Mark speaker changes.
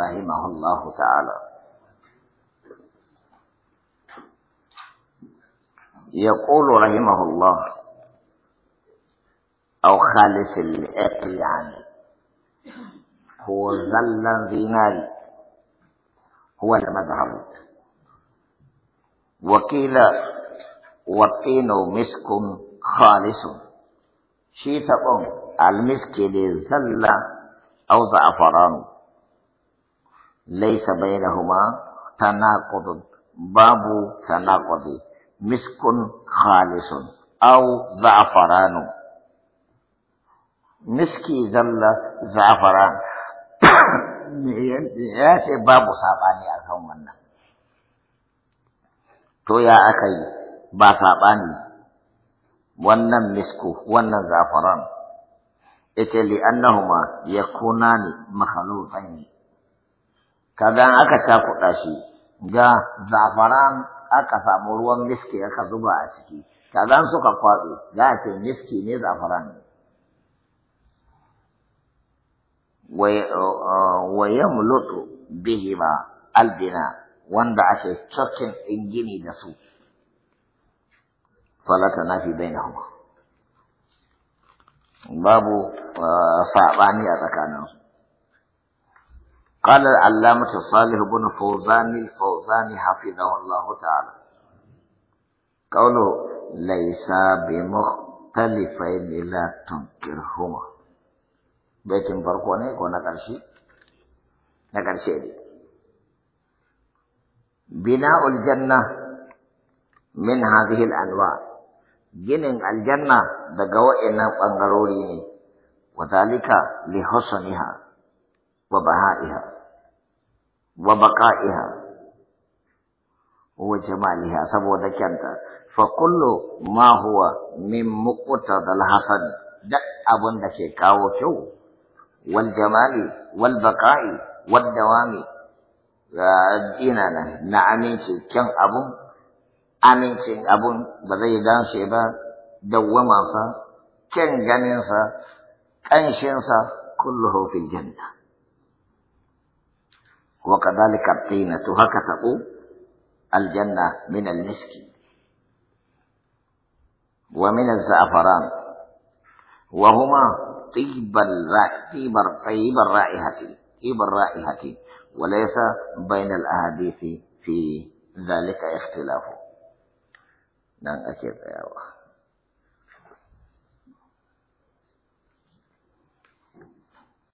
Speaker 1: رحمه الله تعالى يقول رحمه الله أو خالص الأقل يعني هو في ناري هو المذهب وقيل والطين مسك خالص شيء تقوم المسك للزلة أو زعفران ليس بينهما تناقض باب تناقض مسك خالص او زعفران مسكي زل زعفران ياتي باب ساقاني اكون منا تو يا اخي با ساقاني ونن مسكو ونن زعفران اتي لانهما يكونان مخلوقين kaga aka cakuɗa shi ga zafaran aka samu ruwan miski aka zuba a ciki kaga suka kwaɗo za a ce miski ne zafaran ne wa bihi ba albina wanda ake cokin ɗin gini da su falata na fi babu uh, saɓani a tsakaninsu قال العلامة صالح بن فوزان الفوزان حفظه الله تعالى قوله ليس بمختلفين لا تنكرهما بيتم فرقوني كنا كرشي نكرشي دي بناء الجنة من هذه الأنواع جنن الجنة دقوئنا قنقروريني وذلك لحسنها وبهائها وبقائها وجمالها سبو ذكرت فكل ما هو من مقتضى الحسن دا ابن دا شيكاو والجمال والبقاء والدوام إنا نعمين شي كم أبو أمين شي أبو بدأي دان شيبا دوما صا كن جنين صا كن شين صا كله في الجنه وكذلك الطينة هكذا الجنة من المسك ومن الزعفران وهما طيب طيب طيب الرائحة طيب الرائحة وليس بين الأحاديث في ذلك اختلاف. نعم، أكيد يا الله